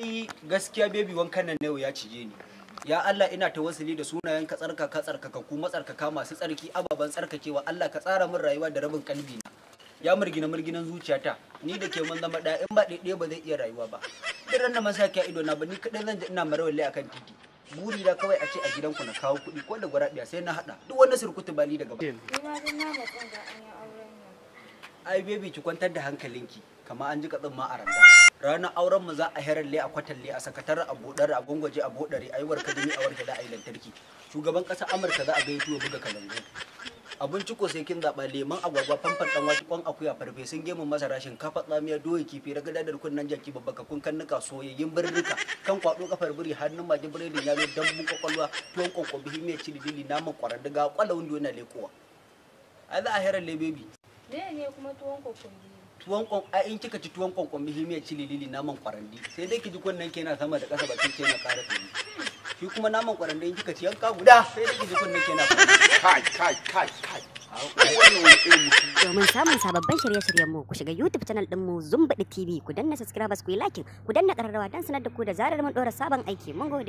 dai gaskiya bebi wankan nan yau ya cije ni ya Allah ina ta tawassuli da sunayen ka tsarkaka tsarkakaku matsarkaka masu tsarki ababen tsarkakewa Allah ka tsara min rayuwa da rabin kalbi na ya murgina murginan zuciyata ni da ke mun zama da in ba ɗaiɗaya ba zai iya rayuwa ba Idan da masaki ido na ba ni kaɗai zan ji ina marawalle akan titi buri da kawai a ce a gidanku na kawo kuɗi ko da gwaraɗiya sai na haɗa duk wani surkutu bali daga ba. ai baby ki kwantar da hankalinki kama an ji katsin ma a randa ranar auren mu za a le a kwatalle a sakatare a buɗar a gwangwaje a bodare a yi warka dumi a warka da a yi lantarki shugaban ƙasar amurka za a gaito ya buga kalangu abinci ciko sai kin zaɓa leman agwagwa famfan ɗan wake kwan akuya farfesun gemun masara shinkafa tsamiya doya kifi ragada da nan jaki babbakakkun kannuka soyayyen birnika kan kwaɗo kafar biri hannun magi biredin dan dambun kwakwalwa tuwon kwakwabi himiyar cili dili naman kwarar daga kwallon wanda na lekowa ai za a ne ne kuma tuwon kokumbi tuwon kon in kika ci tuwon konkon muhimmiyar cili lili naman kwarandi sai dai ki ji kunnen kenan sama da ƙasa bakin kenan ƙara tuni shi kuma naman kwarandi in kika ci yanka guda sai dai ki ji kunnen kenan kai kai kai kai Domin samun sababbin shirye-shiryen mu ku shiga YouTube channel din mu zumbadi TV ku danna subscribers ku yi like ku danna ƙararrawa dan sanar da ku da zarar mun ɗora sabon aiki mun gode.